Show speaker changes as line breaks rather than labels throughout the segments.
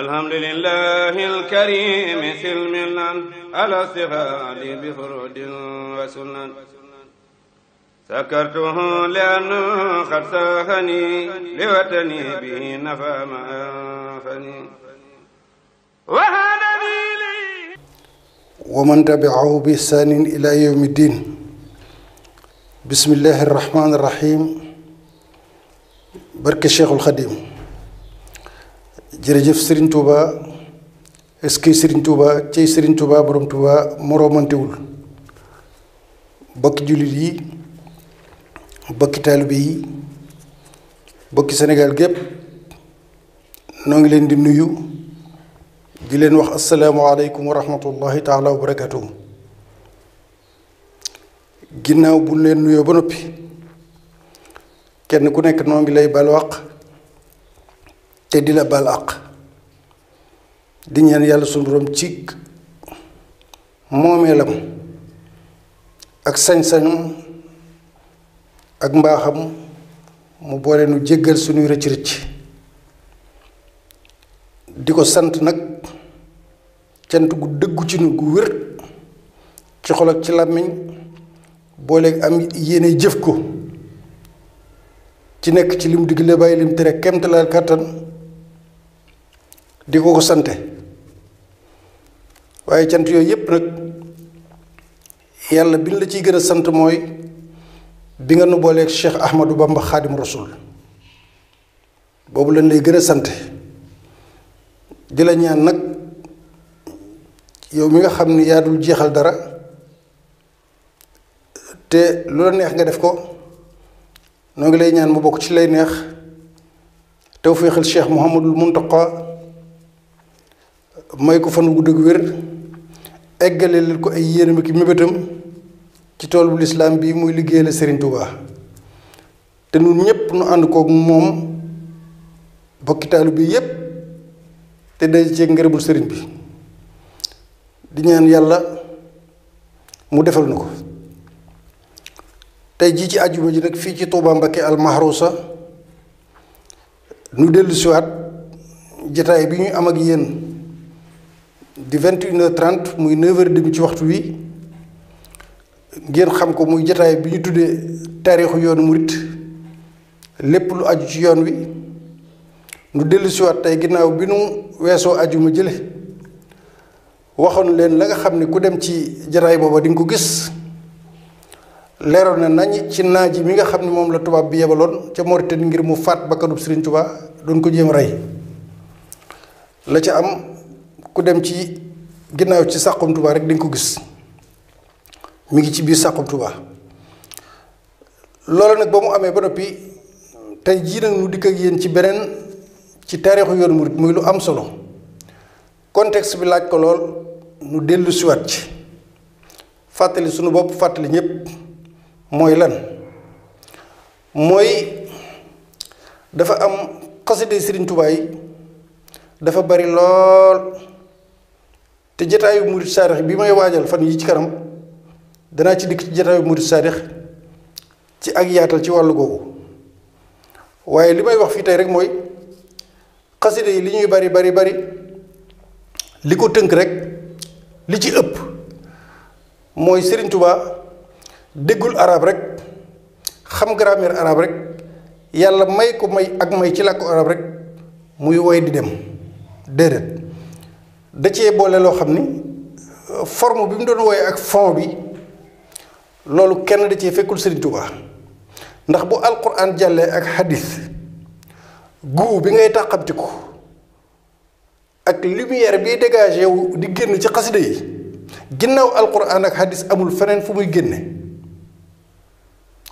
الحمد لله الكريم سلمنا على استغال بفرود وسنن سكرته لأنه قد ساخني لوطني به نفى ما أنفني وهدني لي ومن تبعه بإحسان إلى يوم الدين بسم الله الرحمن الرحيم بركة الشيخ الخديم jërëjëf sëriñ Touba est sëriñ que Serigne Touba cey Serigne Touba borom Touba moroomantewul bokki jullit yi bokki taalibe yi bokki Sénégal gépp noo ngi leen di nuyu di leen wax asalaamaaleykum wa rahmatullahi taala wa barakatuhu ginnaaw bu leen nuyoo ba noppi kenn ku nekk noo ngi lay balwaq te di la baal àq di ñaan yàlla sunu borom ci moomeelam ak sañ-sañam ak mbaaxam mu boole nu jéggal suñuy rëcc rëcc di ko sant nag cant gu dëggu ci nu gu wér ci xol ci làmmiñ boole am yéene jëf ko ci nekk ci li lim digle bàyyi lim tere kemtalaal kàttan di ko ko sante waaye cant yooyu yépp nag yàlla bi ñu la ciy gën a sant mooy bi nga nu booleeg Cheikh Ahmadou Bamba Xaadim Rasul boobu lañ lay gën a sant di la ñaan nag yow mi nga xam ni yaa dul jeexal dara te lu la neex nga def ko noo ngi lay ñaan mu bokk ci lay neex tawféexal Cheikh Mouhamadul Muntaqa may ko fan wu gudd wér eggale ko ay yéenam ki mébétam ci tool lislaam bi muy liggéeyal Serigne Touba te ñun ñëpp nu ànd kook moom bokki taalibe bi yépp te day ci ngërëmul sëriñ bi di ñaan yàlla mu defal na ko tey jii ci àjjuma ji nag fii ci Touba Mbacké Al Mahrousa nu dellusiwaat jataay bi ñu am ak yéen di vingt une heure trente muy neuf heures demi ci waxtu wi ngeen xam ko muy jataay bi ñu tuddee taarixu yoonu murit lépp lu aju ci yoon wi nu dellu siwaat tey ginnaaw bi nu weesoo aju ma jële waxoon leen la nga xam ne ku dem ci jataay booba di nga ko gis leeroon na nañ ci naaj mi nga xam ne moom la tubaab bi yebaloon ca Mauritanie ngir mu faat bakkanub Serigne Touba doon ko jéem rey la ca am ku dem ci ginnaaw ci Saxum Touba rek di ko gis mu ngi ci biir Saxum Touba loolu nag ba mu amee ba noppi tey jii nag mu dikk ak yéen ci beneen ci taarixu yoonu murit muy lu am solo contexte bi laaj ko lool nu dellu siwaat ci fàttali sunu bopp fàttali ñépp mooy lan mooy dafa am xaside Sëriñ Tuubaa dafa bari lool te jataayu murid saadix bi may waajal fan yi ci kanam danaa ci dikk ci jataayu murid saadix ci ak yaatal ci wàllu googu waaye li may wax fii tey rek mooy xaside yi li ñuy bari bari bari li ko tënk rek li ci ëpp mooy Serigne Touba déggul arab rek xam grammaire arab rek yàlla may ko may ak may ci làkku arab rek muy woy di dem déedéet da cee boole loo xam ni forme bi mu doon wooye ak fond bi loolu kenn da cee fekkul Serigne Touba ndax bu alquran jàllee ak hadith guu bi ngay tàqamtiku ak lumière biy dégagé wu di génn ci xasida yi ginnaaw alquran ak hadith amul feneen fu muy génne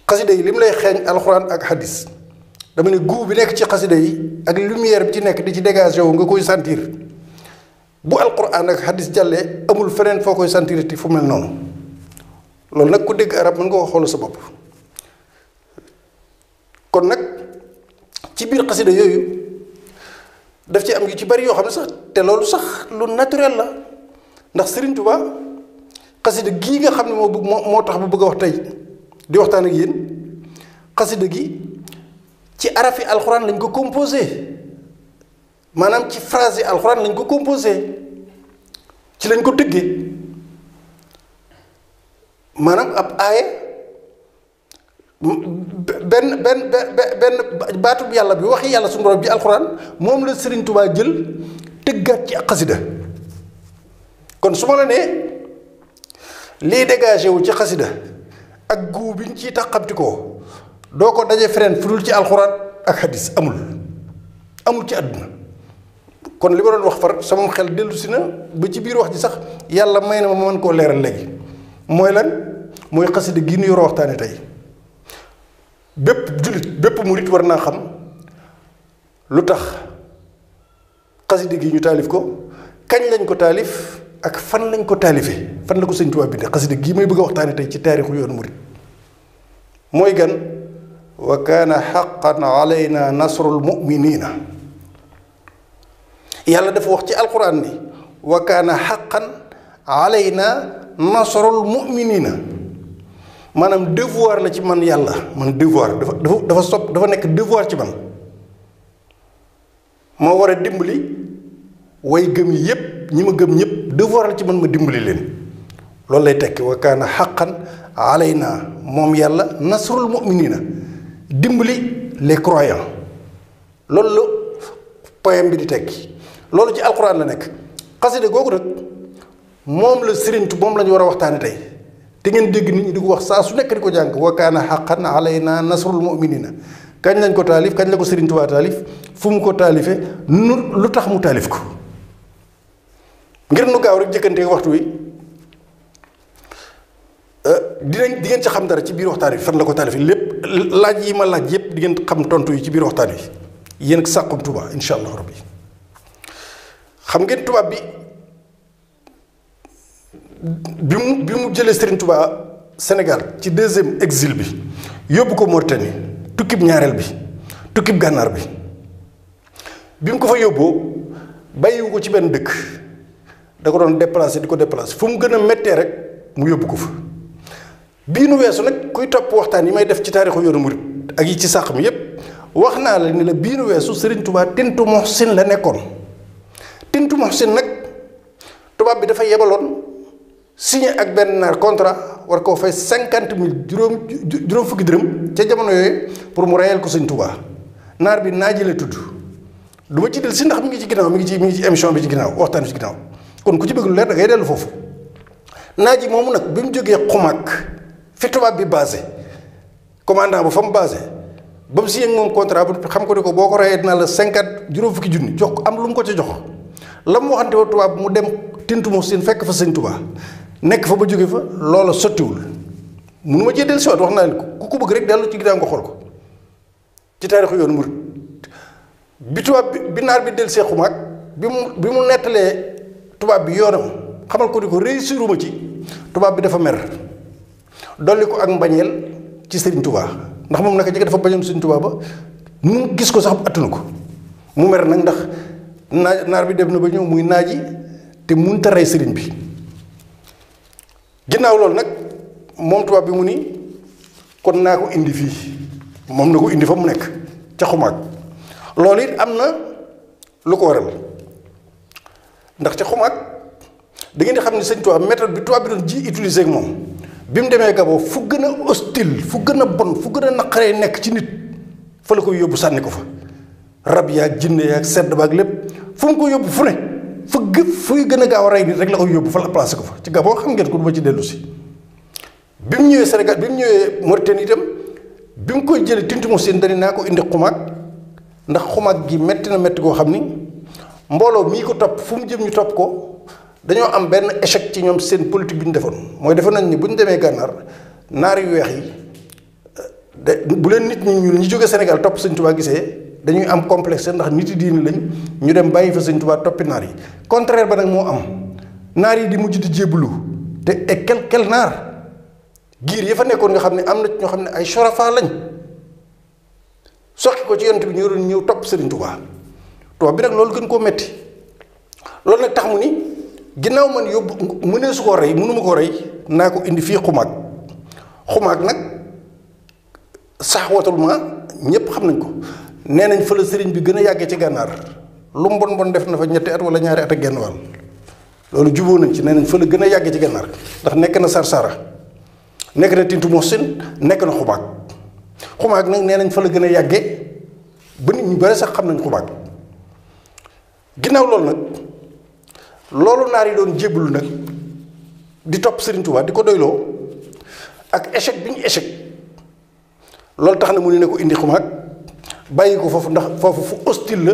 xasida yi li mu lay xeeñ alquran ak hadith dama ne guu bi nekk ci xasida yi ak lumière bi ci nekk di ci dégagé wu nga koy sentir. bu alquran ak hadis jàllee amul feneen foo koy sentiriti fu mel noonu loolu nag ku dégg arab mën nga ko xoolal sa bopp kon nag ci biir xasida yooyu daf ci am yu ci bari yoo xam ne sax te loolu sax lu naturel la ndax Serigne Touba xasida gii nga xam ne moo bëgg moo moo tax bu bëgg a wax tey di waxtaan ak yéen xasida gi ci arafi alxuraan lañ ko composé. maanaam ci phrase yi alxuraan lañ ko composé ci lañ ko tëggee maanaam ab aaye benn benn benn baatub yàlla bi waxi yàlla suñu borom bi alxuraan moom la Serigne Touba jël tëggaat ci ak xasida kon suma ma la nee lii dégagé wu ci xasida ak guu biñ ciy taxamti ko doo ko daje feneen fu dul ci alxuraan ak hadis amul amul ci àdduna kon li ma doon wax far sama xel dellusi na ba ci biir wax ji sax yàlla may na ma mën koo leeral léegi mooy lan mooy xasida gi ñu yor waxtaane tey bépp jullit bépp murit war naa xam lu tax xasida gi ñu taalif ko kañ lañ ko taalif ak fan lañ ko taalife fan la ko sëñ Tuubaa bindee xasida gi may bëgg a waxtaane tey ci taarixu yoon murit mooy gan wa kaana xaqan alayna nasrul muminina yàlla dafa wax ci alquran ni wa kaana xaqan alayna nasrul muminina maanaam devoir la ci man yàlla man devoir dafa dafa dafa sopp dafa nekk devoir ci man moo war a dimbali way gëm yépp ñi ma gëm ñëpp devoir la ci man ma dimbali leen loolu lay tekki wa kaana xaqan naa moom yàlla nasrul muminina dimbali les croyants loolu la poème bi di tekki loolu ci alxuraan la nekk xaside googu nag moom la Sëriñ Tuubaa moom la war a waxtaane tey te ngeen dégg nit ñi di ko wax saa su nekk di ko jàng wa kaana xaqan alaynaa nasrul na kañ lañ ko taalif kañ la ko Sëriñ Tuubaa taalif fu mu ko taalife nu lu tax mu taalif ko ngir nu gaaw rek jëkkante waxtu wi di euh, dinañ di ngeen ci xam dara ci biir waxtaan wi fan la ko taalif lépp laaj yi ma laaj yépp di ngeen xam tontu yi ci biir waxtaan wi yéen ak Saxum Touba incha xam ngeen tubaab bi bi mu bi mu jëlee Serigne Touba Sénégal ci deuxième exil bi yóbbu ko Mauritanie tukkib ñaareel bi tukkib gànnaar bi bi mu ko fa yóbboo bàyyiwu ko ci benn dëkk da ko doon déplacé di ko déplacé fu mu gën a méttee rek mu yóbbu ko fa bii nu weesu nag kuy topp waxtaan yi may def ci taarixu yoonu murit ak yi ci sàq mi yépp wax naa la ni la bii nu weesu sëriñ tubaa Touba Tintu Muhsin la nekkoon Tintu Mahsin nag tubaab bi dafa yebaloon signé ak benn naar contrat war koo fay cinquante mille juróom juróom fukki dërëm ca jamono yooyu pour mu reyal ko sëñ Tuubaa naar bi naaji la tudd du ma ci del si ndax mi ngi ci ginnaaw mi ngi ci mi ngi ci émission bi ci ginnaaw waxtaan bi ci ginnaaw kon ku ci bëgg lu leer da ngay foofu naaji moomu nag bi mu jógee xumaag fi tubaab bi basé commandant ba fa mu basé ba mu signé moom contrat bu xam ko ne ko boo ko reyee dina la juróom fukki junni jox am lu mu ko ca jox la mu waxante wa tubaab mu dem tintu mu seen fekk fa sëñ Tuubaa nekk fa ba jóge fa loola sottiwul munu ma cee del siwaat wax naa leen ku ko bëgg rek dellu ci ginnaaw nga xool ko ci taarixu yoonu murit bi tubaab bi naar bi del see xumaag bi mu bi mu nettalee tubaab bi yoonam xamal ko ni ko réussiruma ci tubaab bi dafa mer dolli ko ak mbañeel ci sëriñ Tuubaa ndax moom naka jëkk dafa bañoon sëñ Tuubaa ba nu gis ko sax attunu ko mu mer nag ndax naaj naar bi dem na ba ñëw muy naaji te munta rey sëriñ bi ginnaaw loolu nag moom tubaab bi mu ni kon naa ko indi fii moom na ko indi fa mu nekk ca xumaag loolu it am na lu ko waral ndax ca xumaag da di xam ne sëñ tubaab méthode bi tubaab bi doon ji utiliser moom bi mu demee Gabon fu gën a hostile fu gën a bon fu gën a naqaree nekk ci nit fa la koy yóbbu sànni ko fa rab yaag jinne yaag sedd ak lépp fu mu ko yóbbu fu ne fa gë fuy gën a gaaw a rey nit rek la ko yóbbu fa la placé ko fa ci Gabon xam ngeen ko du ma ci dellu bi mu ñëwee Sénégal bi mu ñëwee Mauritanie itam bi mu koy jëlee tintumu seen dani naa ko indi xumaag ndax xumaag gi metti na metti koo xam ni mbooloo mii ko topp fu mu jëm ñu topp ko. dañoo am benn échec ci ñoom seen politique bi ñu defoon mooy defoon nañ ni bu ñu demee gànnaar naar yu weex yi de bu leen nit ñi ñuul ñi jóge Sénégal topp Sëñ Tuubaa gisee dañuy am complexe ndax nit yi diine lañ ñu dem bàyyi fa sëñ Tuubaa toppi naar yi contraire ba nag moo am naar yi di mujj di jébbalu te et quel quel naar giir yi fa nekkoon nga xam ne am na ñoo xam ne ay sorafaa lañ soqi ko ci yonent bi ñu doon ñëw topp sëriñ Tuubaa tubaab bi nag loolu gën koo metti loolu nag tax mu ni ginnaaw man yóbbu mënee su koo rey mënuma koo rey naa ko indi fii xumaag xumaag nag sax watul ma ñépp xam nañ ko nee nañ fa la sëriñ bi gën a yàggee ci gànnaar lu mu bon def na fa ñetti at wala ñaari at ak genn wàll loolu juboo nañ ci ne nañ fa gën a yàggee ci gànnaar ndax nekk na Sarsara nekk na Tintu Mosin nekk na Xubaag Xubaag nag nee nañ fa gën a yàggee ba nit ñu bare sax xam nañ Xubaag ginnaaw loolu nag loolu naar yi doon jébbalu nag di topp Sëriñ Tuubaa di ko doyloo ak échec bi ñu échec loolu tax na mu ne ne ko indi Xubaag. bàyyi ko foofu ndax foofu fu hostile la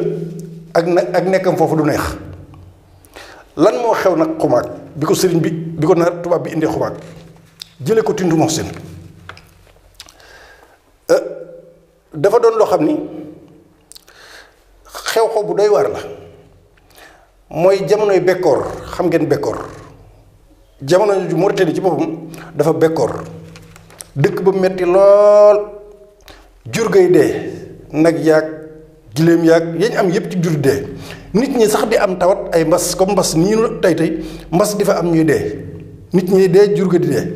ak na nekkam foofu du neex lan moo xew nag xumaag bi ko sëriñ bi bi ko naar tubaab bi indi xumaag jële ko tindu moxsin euh, dafa doon loo xam ni xew-xew bu doy waar la mooy jamonoy bekkoor xam ngeen bekkoor jamono ju Mauritanie ci boppam dafa bekkoor dëkk ba metti lool jur gay dee nag yàgg giléem yàgg yañ am yëpp ci jur dee nit ñi sax di am tawat ay mbas comme mbas ni ñu tey tey mbas di fa am ñuy dee nit ñi dee jur ga di dee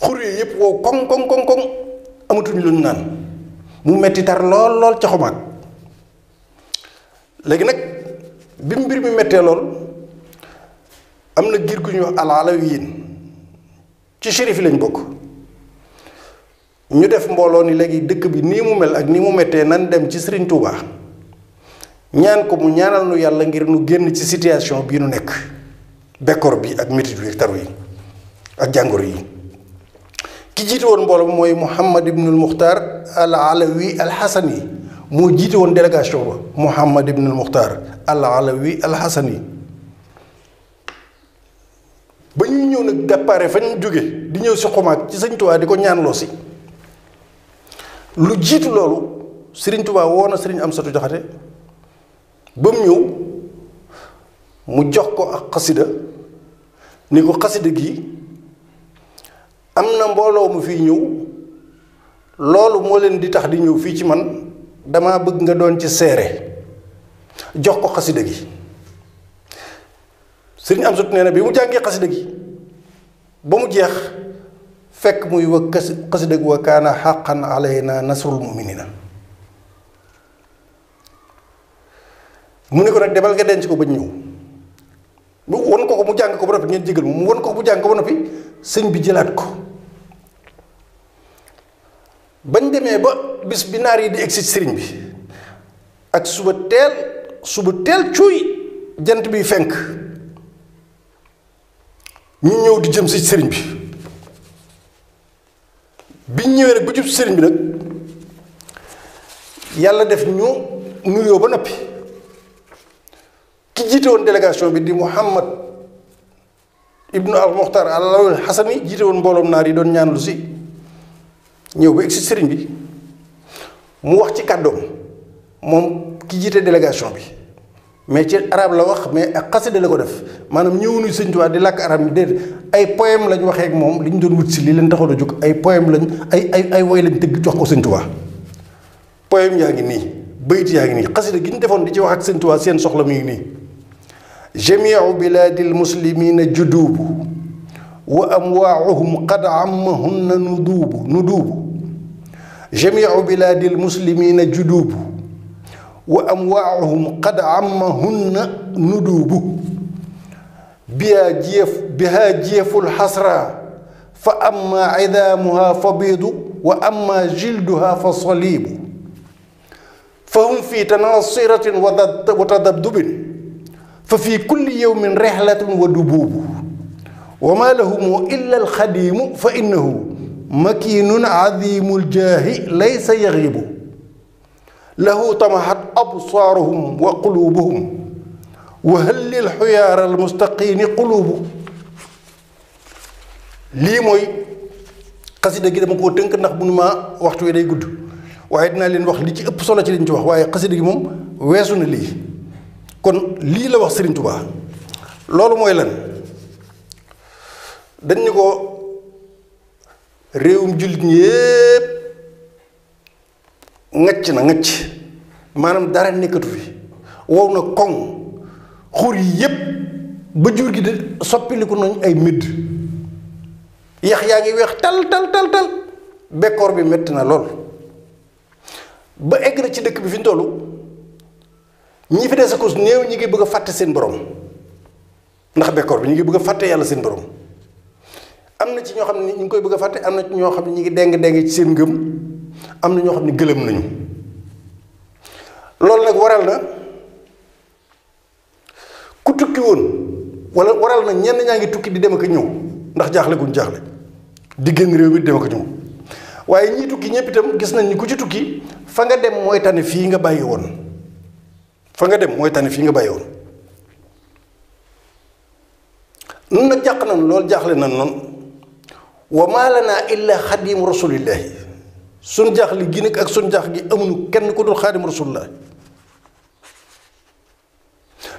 xur yi yëpp wow koŋ koŋ koŋ amatuñu lu naan mu metti tar lool lool ca xumaat léegi nag bi mbir mi mettee lool am na giir gu ñuy wax alaalawiin ci shérif yi lañ bokk ñu def mbooloo ni léegi dëkk bi nii mu mel ak ni mu mettee nan dem ci Serigne Touba ñaan ko mu ñaanal nu yàlla ngir nu génn ci situation bii nu nekk bekkoor bi ak métit bi ak jàngoro yi ki jiite woon mbooloo bi mooy Mouhamad Ibnul Mukhtar al Alawi al Hasani moo jiite woon délégation ba Mouhamad Ibnul Mukhtar al Alawi al Hasani ba ñuy ñëw nag départ fa jóge di ñëw si xumaag ci Sëñ Tuubaa di ko ñaanloo si. lu jiitu loolu sëriñ Touba woo na Serigne Amsatou Diakhaté ba mu ñëw mu jox ko ak xasida ni ko xasida gi am na mbooloo mu fiy ñëw loolu moo leen di tax di ñëw fii ci man dama bëgg nga doon ci seere jox ko xasida gi sëriñ Amsatou nee bi mu jàngee xasida gi ba mu jeex fekk muy wa kas xasida gu wa kaana xaqan alayna nasrul muminina mu ne ko nag demal nga denc ko ba ñëw mu won ko ko mu jàng ko ba noppi ngeen jégal mu won ko ko mu jàng ko sëñ bi jëlaat ko bañ demee ba bis bi naar yi di egsi sëriñ bi ak suba teel suba teel cuuy jant bi fenk ñu ñëw di jëm si sëriñ bi biñ ñëwee nag ba jub sëriñ bi nag yàlla def ñu nuyoo ba noppi ki jiite woon délégation bi di Mouhamad Ibnu al Muxtar al Xasani jiite woon mbooloom naar yi doon ñaan si ñëw ba egsi sëriñ bi mu wax ci kàddoom moom ki jiite délégation bi. mais ci arab la wax mais ak xasida la ko def maanaam ñëwuñu sëñ Tuubaa di làkk arab mi déedéet ay poème lañ waxee ak moom li ñu doon wut si li leen taxoon a jóg ay poème lañ ay ay ay woy lañ tëgg jox ko sëñ Tuubaa poème yaa ngi nii bayit yaa ngi nii xasida gi ñu defoon di ci wax ak sëñ Tuubaa seen soxla mi ngi nii jamiu bilaadil muslimina juduubu wa amwaauhum qad ammahunna nuduubu nuduubu jamiu bilaadil muslimina juduubu wa amwaahum qad ammahunna nudubu biha jiyaf biha jiyaful hasra fa amma idaamuha fa biidu wa amma jilduha fa saliibu fa hum fi tanaasiratin wa tadabdubin fa fi kulli yawmin rihlatun wa dubuubu wa maa lahumu illa alxadiimu fa innahu makiinun adiimul jaahi laysa yaxiibu lahu tamahat absaaruhum wa quluubuhum wa hallil xuyaara almustaqiini quluubu lii mooy xasida gi dama koo tënk ndax mu nu ma waxtu wi day gudd waaye dinaa leen wax li ci ëpp solo ci liñ ci wax waaye xasida gi moom weesu na lii kon lii la wax Sëriñ Tubaa loolu mooy lan dañ ñu ko réewum jullit ñi yépp ŋëcc na ŋëcc maanaam dara nekkatu fi wow na koŋ xur yi yépp ba jur gi de soppiliku nañ ay mëdd yax yaa ngi weex tal tal tal tal bekkoor bi metti na lool ba egg na ci dëkk bi fi ñu toll ñi fi des sakus néew ñi ngi bëgg fàtte seen borom ndax bekkoor bi ñu ngi bëgg fàtte yàlla seen borom am na ci ñoo xam ne ñu ngi koy bëgg a fàtte am na ci ñoo xam ne ñu ngi deng deng ci seen ngëm am na ñoo xam ne gëlëm nañu loolu nag waral na ku tukki woon wala waral na ñenn ñaa ngi tukki di dem ak ñëw ndax jaaxle guñ jaaxle di génn réew mi di dem ak ñëw waaye ñii tukki ñëpp itam gis nañ ni ku ci tukki fa nga dem mooy tane fii nga bàyyi woon fa nga dem mooy tane fii nga bàyyi woon nun nag jàq nañ loolu jaaxle nañ noonu wa maa lanaa illaa xadimu rasulillahi suñ jaaxle gi nag ak suñ jaax gi amuñu kenn ku dul xaadim rasulullah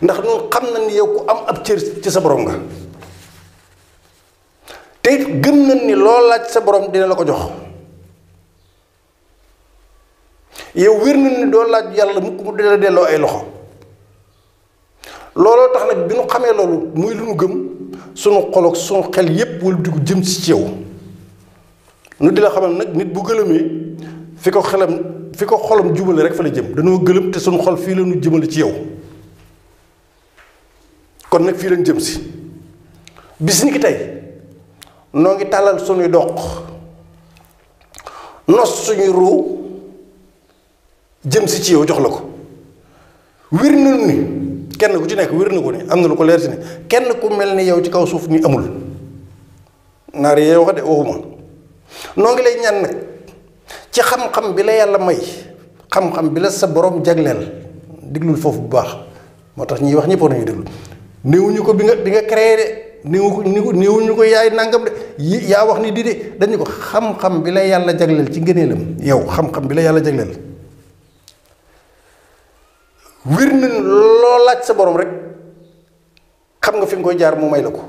ndax noonu xam na ni yow ku am ab cër ci sa borom nga te gëm nañ ni loo laaj sa borom dina la ko jox yow wér nañ ni doo laaj yàlla mukk mu dina la delloo ay loxo looloo tax nag bi nu xamee loolu muy lu nu gëm sunu xol ak sunu xel yépp wala dugg jëm si ci yow nu di la xamal nag nit bu gëlëmee fi ko xelam fi ko xolam jubale rek fa la jëm dañoo gëlëm te suñu xol fii la jëmale ci yow kon nag fii lañ jëm si bis noo ngi tàllal suñuy doq nos suñuy jëm si ci yow jox la ko wir nañu ni kenn ku ci nekk wir na ko ni am na lu ko leer ni kenn ku mel ni yow ci kaw suuf ni amul naar yee wax de waxuma noo ngi lay ñaan nag ci xam-xam bi la yàlla may xam-xam bi la sa borom jagleel diglul foofu bu baax moo tax ñuy wax ñëpp war nañu déglu néewuñu ko bi nga bi nga créé de néewu néewuñu ko yaay nàngam de yaa wax ni di de dañu ko xam-xam bi la yàlla jagleel ci ngëneelam yow xam-xam bi la yàlla jagleel wér na loo laaj sa boroom rek xam nga fi nga koy jaar mu may la ko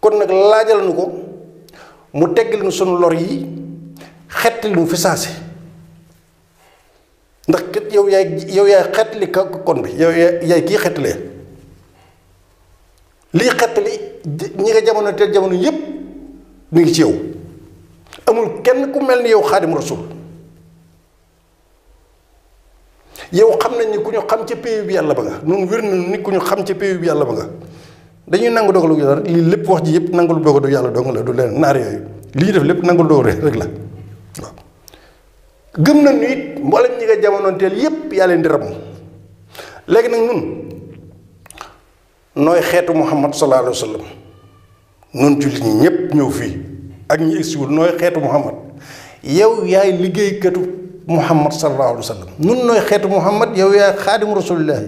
kon nag laajal nu ko. mu teggal ñu sunu lor yi xettali ñu fi si ndax kat yow yaay yow yaay xettali ka kon bi yow yaay kii xettalee lii xettali ñi nga jamono teel jamono yépp mi ngi ci yow amul kenn ku mel ni yow xaadim rasul yow xam nañ ni ku ñu xam ca péeyu bi yàlla ba nga noonu wér nañu ni ku ñu xam ca péeyu bi yàlla ba nga dañuy nangu dogalu yàlla rek lii lépp wax ji yëpp nangul dogalu yàlla dong la du leen naar yooyu li def lépp nangul dogalu rek la waaw gëm nañu it mboolem ñi nga jamonoonteel yëpp yaa leen di rab léegi nag ñun nooy xeetu muhammad sallallahu alayhi wa ñëpp ñëw fii ak ñi egsiwul nooy xeetu muhammad yow yaay liggéeykatu muhammad sallallahu alayhi wa sallam ñun nooy xeetu muhammad yow yaay xaadimu rasulillahi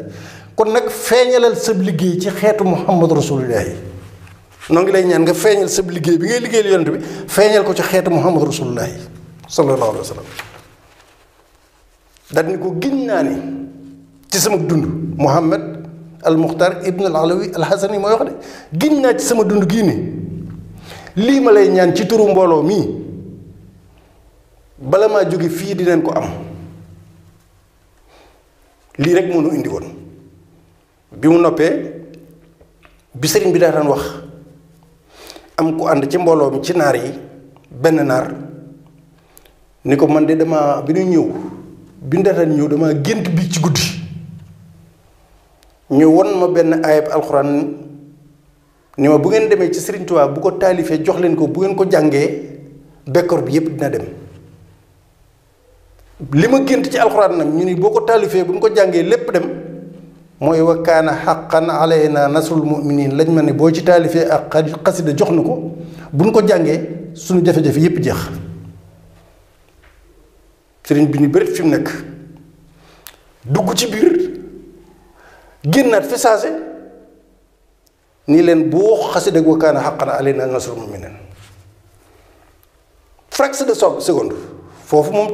kon nag feeñalal sab liggéey ci xeetu muhammad rasulullah yi noo ngi lay ñaan nga feeñal sab liggéey bi ngay liggéeyal yonent bi feeñal ko ci xeetu muhammad rasulullah yi sallallahu alayhi wa sallam ko giñ naa ni ci dund muhammad al muxtar ibn al alawi al hasani wax de giñ naa ci sama dund gii ni lii ma lay ñaan ci turu mbooloo mii bala maa jóge fii di leen ko am lii rek moo nu indi woon bi mu noppee bi sëriñ bi daa wax am ku ànd ci mbooloo mi ci naar yi benn naar ni ko man de dama bi nu ñëw bi ñu daan ñëw dama gént bi ci guddi ñu won ma benn ayab alxuraan ni ma bu ngeen demee ci Sëriñ Tuubaa bu ko taalifee jox leen ko bu ngeen ko jàngee bekkoor bi yépp dina dem li ma gént ci alxuraan nag ñu ni boo ko taalifee bu ñu ko jàngee lépp dem mooy wa kaana xaqan alayna nasrul muminin lañ ma ne boo ci taalifee ak xasida jox nu ko buñ ko jàngee suñu jafe-jafe yépp jeex sëriñ bi ni bërit fi mu nekk dugg ci biir génnaat fi saase nii leen boo xasida wa kaana xaqan alayna nasrul muminin fraction de seconde foofu moom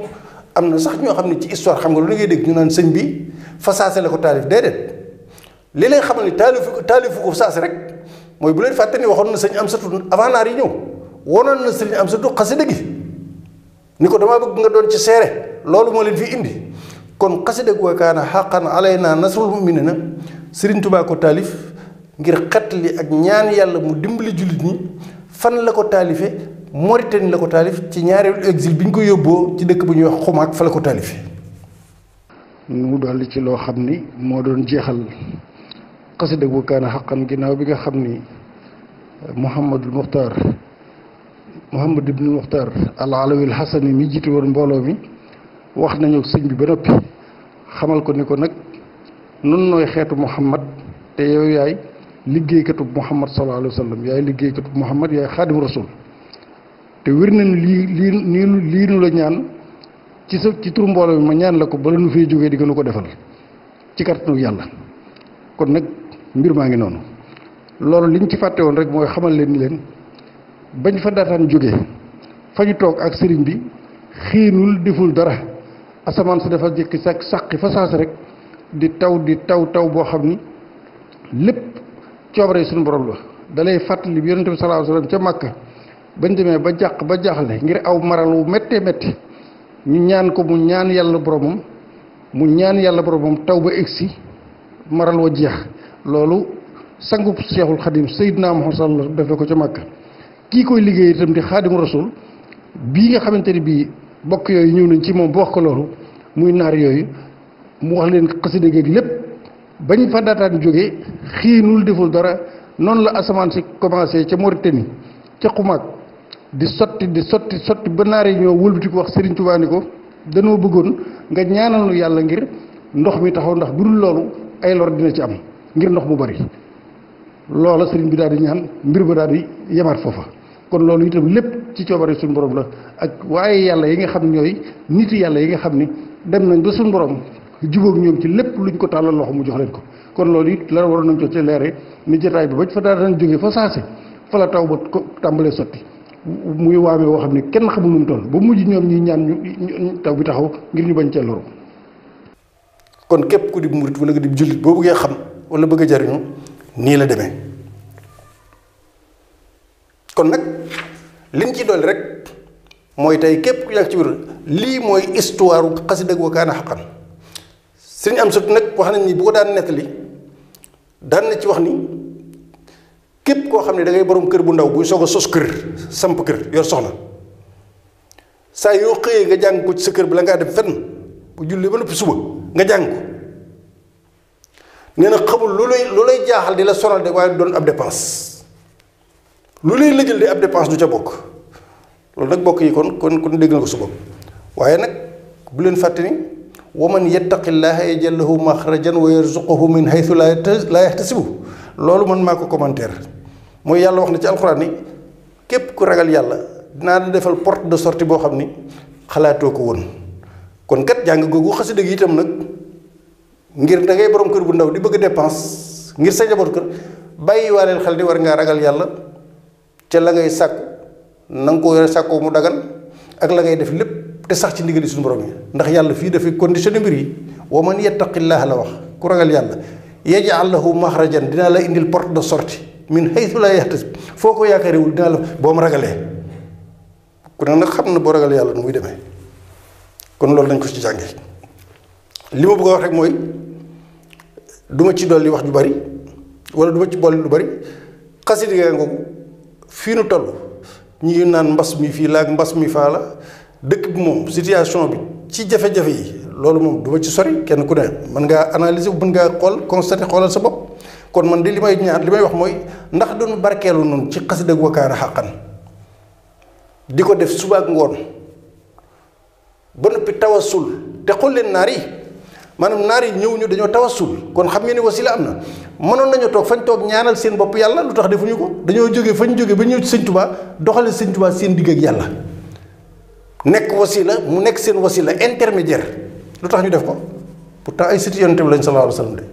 am na sax ñoo xam ne ci histoire xam nga lu ngay dégg ñu naan sëñ bi fasaase la ko taalif déedéet li lay xamal ni taalifu taalifu ko saas rek mooy bu leen fàtte ni waxoon na sëñ Amsatu avant naar yi ñëw wonoon na sëñ Amsatu xasida gi ni ko damaa bëgg nga doon ci seere loolu moo leen fi indi kon xasida gu kaana xaqan alaynaa nasrul muminina sëriñ Tubaa ko taalif ngir li ak ñaan yàlla mu dimbali jullit ñi fan la ko taalife Mauritanie la ko taalif ci ñaareelu exil bi ñu ko yóbboo ci dëkk bu ñuy wax xumaak fa la ko taalife mu dolli ci loo xam ni moo doon xasida gu kaana xaqan ginnaaw bi nga xam ni Mouhamadul Muxtaar Mouhamad ibnul Muxtaar al alawil xasani mi jiite woon mbooloo mi wax nañu sëñ bi ba noppi xamal ko ni ko nag nun nooy xeetu Mouhamad te yow yaay liggéeykatub Mouhamad sallallahu alayhi wa sallam yaay liggéeykatub Mouhamad yaay xaadim rasul te wér nañ lii lii nii lii nu la ñaan ci sa ci turu mbooloo mi ma ñaan la ko bala nu fee jógee di gën ko defal ci kàttanu yàlla kon nag. mbir maa ngi noonu loolu liñ ci fàtte woon rek mooy xamal leen leen bañ fa daataan jóge fa ñu toog ak sëriñ bi xiinul diful dara asamaan si dafa jëkki sàq sàqi fa saas rek di taw di taw taw boo xam ni lépp coobare suñu borom la dalay fàttali bi yonent bi sallallahu ca Makka bañ demee ba jàq ba jaaxle ngir aw maral wu méttee métti ñu ñaan ko mu ñaan yàlla boromam mu ñaan yàlla boromam taw ba egsi maral wa jeex loolu sangub seexul xadim Seydina Muhammad sallallahu alayhi wasallam def ko ca Makka kii koy liggéey itam di xaadimu rasul bii nga xamante ni bii bokk yooyu ñëw nañ ci moom ba wax ko loolu muy naar yooyu mu wax leen xasida géeg lépp bañ fa daataan jógee xiinul deful dara noonu la asamaan si commencé ca Mauritanie ca Xumaag di sotti di sotti sotti ba naar yi ñoo wëlbatiku wax Serigne Touba ni ko danoo bëggoon nga ñaanal nu yàlla ngir ndox mi taxaw ndax bu dul loolu ay lor dina ci am ngir ndox mu bari loola sëriñ bi daal di ñaan mbir ba daal di yemaat foofa kon loolu itam lépp ci coobare suñu borom la ak waaye yàlla yi nga xam ñooy nit yàlla yi nga xam ni dem nañ ba suñu borom jubóog ñoom ci lépp luñ ko tàllal loxo mu jox leen ko kon loolu it la waroon nañ ko ci leere ni jotaay bi bañ fa daal di jóge fa saase fa la taw ba ko tàmbalee sotti muy waamee woo xam ne kenn xamul nu mu toll ba mujj ñoom ñuy ñaan taw bi taxaw ngir ñu bañ cee loru kon képp ku di murit wala bëgg a jariñu nii la deme kon nag liñ ci dolli rek mooy tey képp ku yàgg ci biir lii mooy histoire xasida ak wakaana xaqan sëriñ am sut nag wax nañ ni bu ko daan nekk li daan na ci wax ni képp koo xam ne da boroom kër bu ndaw buy soog a sos kër samp kër yor soxla saa yoo xëyee nga jàng ko ci sa kër bala ngaa dem fenn bu julli ba noppi suba nga jàng ko nee na xamul lu lay lu lay jaaxal di la sonal de waaye doon ab dépense lu lay lëjal di ab dépense du ca bokk loolu nag bokk yi kon kon kon dégg ko waaye nag bu leen fàtte ni waman yattaqillaha yajal lahu maxrajan wa yarzuquhu min haythu la laa yahtasibu loolu man maa ko mooy yàlla wax na ci alxuraan ni képp ku ragal yàlla dinaa defal porte de sortie boo xam ni xalaatoo ko woon kon kat jàng googu xasida gi itam nag ngir da ngay borom kër bu ndaw di bëgg dépense ngir sa njaboot kër bàyyi waaleel xel di war ngaa ragal yàlla ca la ngay sàkku na nga ko yore sàkkoo mu dagan ak la ngay def lépp te sax ci ndigali suñu borom yi ndax yàlla fii dafay conditionné mbir yi wa man yattaqillaaha la wax ku ragal yàlla yaj'al lahu maxrajan dinaa la indil porte de sortie min haythu laa yahtasib foo ko yaakaarewul dinaa la boo ma ragalee ku ne nag xam na boo ragal yàlla nu muy demee kon loolu dañ ko ci jàngee li ma bëgg a wax rek mooy duma ma ci dolli wax ju bari wala duma ci boole lu bari xasida gi ngoogu fii nu toll ñi naan mbas mi fii la ak mbas mi faa la dëkk bi moom situation bi ci jafe-jafe yi loolu moom du ci sori kenn ku ne mën ngaa analyser mën ngaa xool constater xoolal sa bopp kon man di li may ñaar li may wax mooy ndax doon barkeelu noonu ci xasida ak wakaana xàqan di ko def suba ngoon ba noppi tawasul te xool leen naar yi maanaam naar yi ñëw ñu dañoo tawassul kon xam ngeen ne wasila am na mënoon nañu toog fañ toog ñaanal seen bopp yàlla lu tax defuñu ko dañoo jóge fañ jóge ba ñëw ci sëñ Tuubaa doxale sëñ Tuubaa seen digg ak yàlla nekk wasila mu nekk seen wasila intermédiaire lu tax ñu def ko pourtant ay sëti Yonent bi lañ sallallahu alayhi wa sallam de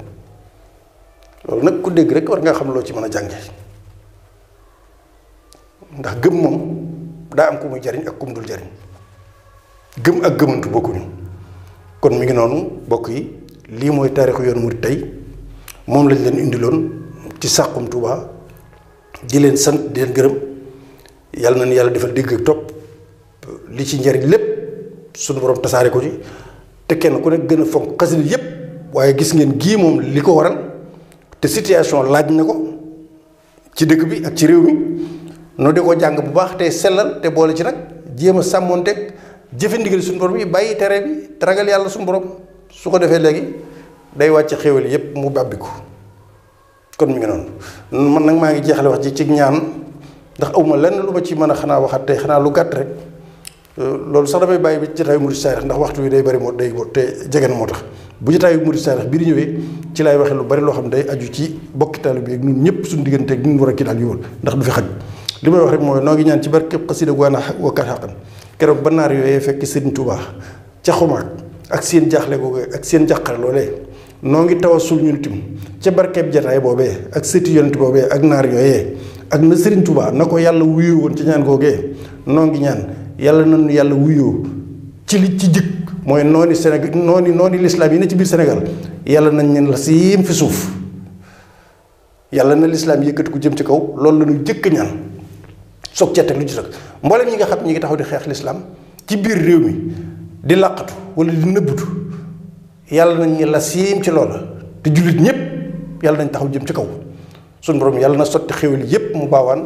loolu nag ku dégg rek war nga xam loo ci mën a jànge ndax gëm moom daa am ku muy jariñ ak ku mu dul jariñ gëm ak gëmantu bokku kon mi ngi noonu bokk yi lii mooy taarixu yoonu murid tey moom lañ leen indiloon ci Saxum Touba di leen sant di leen gërëm yàlla nañu yàlla defal dégg ak topp li ci njariñ lépp suñu borom tasaare ko ci te kenn ku nekk gën a fonk xasida yépp waaye gis ngeen gii moom li ko waral te situation laaj na ko ci dëkk bi ak ci réew mi noo de koo jàng bu baax tey sellal te boole ci nag jéem a sàmmoonteeg jëfe ndigal suñu borom yi bàyyi tere bi ragal yàlla suñu borom su ko defee léegi day wàcc xéwal yépp mu bàbbi ko kon mi ngi noonu man nag maa ngi jeexale wax ci ci ñaan ndax awma lenn lu ma ci mën a xanaa waxaat tey xanaa lu gàtt rek euh, loolu sax damay bàyyi bi jotaayu murid saarix ndax waxtu wi day bëri moo day te jege na moo tax bu jotaayu murid saarix bii di ñëwee ci laay waxee lu bari loo xam day aju ci bokki taalibe bi ñun ñëpp suñu digganteeg ñun war a kii daal yowoon ndax du fi xaj li may wax rek mooy noo ngi ñaan ci barkeb xasida gu waan a wakkaat keroog ba naar yooyee fekk Serigne Touba ca xumaag ak seen jaaxle googu ak seen jàqare loolee noo ngi tawasul ñun tim ca barkeeb jataay boobee ak sëti yonent boobee ak naar yooyee ak na Serigne Touba na ko yàlla wuyoo woon ci ñaan googee noo ngi ñaan yàlla nañu yàlla wuyoo ci li ci jëkk mooy nooni Sénégal nooni nooni lislaam yi ne ci biir senegal yàlla nañ leen la siim fi suuf yàlla na lislaam yëkkati ko jëm ci kaw loolu la ñuy jëkk ñaan soog cee teg lu ci sëkk mboolem ñi nga xam ñi ngi taxaw di xeex lislaam ci biir réew mi di làqatu wala di nëbbutu yàlla nañ la siim ci loola te jullit ñëpp yàlla nañ taxaw jëm ci kaw suñu borom yàlla na sotti xéwal yëpp mu baawaan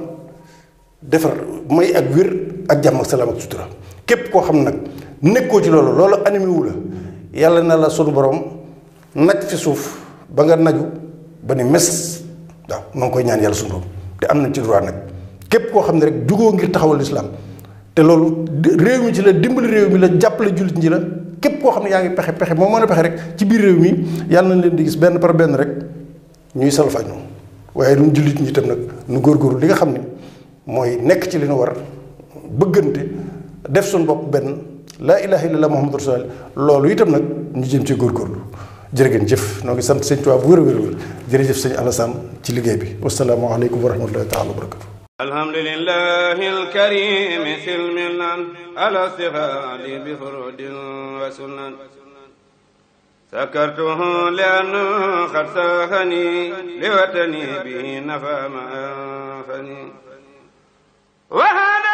defar may ak wér ak jàmm ak salaam ak sutura képp koo xam nag nekkoo ci loolu loolu animé wu la yàlla na la suñu borom naj fi suuf ba nga naju ba ni mes waaw ma ngi koy ñaan yàlla suñu borom te am na ci droit nag. képp koo xam ne rek jugoo ngir taxawal lislaam te loolu réew mi ci la dimbali réew mi la jàppale jullit ji la képp koo xam ne yaa ngi pexe pexe moo mën a pexe rek ci biir réew mi yàlla nañ leen di gis benn par benn rek ñuy salfañu waaye ñun jullit ñi itam nag nu góorgóorlu li nga xam ne mooy nekk ci li nu war bëggante def suñu bopp benn laa ilaha illallah muhammadu rasulullah loolu itam nag ñu jëm ci góorgóorlu jërë ngeen jëf noo sant sëñ Tuubaa bu wér a wér wér jërëjëf sëñ ci liggéey bi wasalaamualeykum wa rahmatullahi taala wa barakatu الحمد لله الكريم سلمنا على استفاد بفرود وسنن سكرته لأنه قد ساهني لوطني به نفى ما أنفني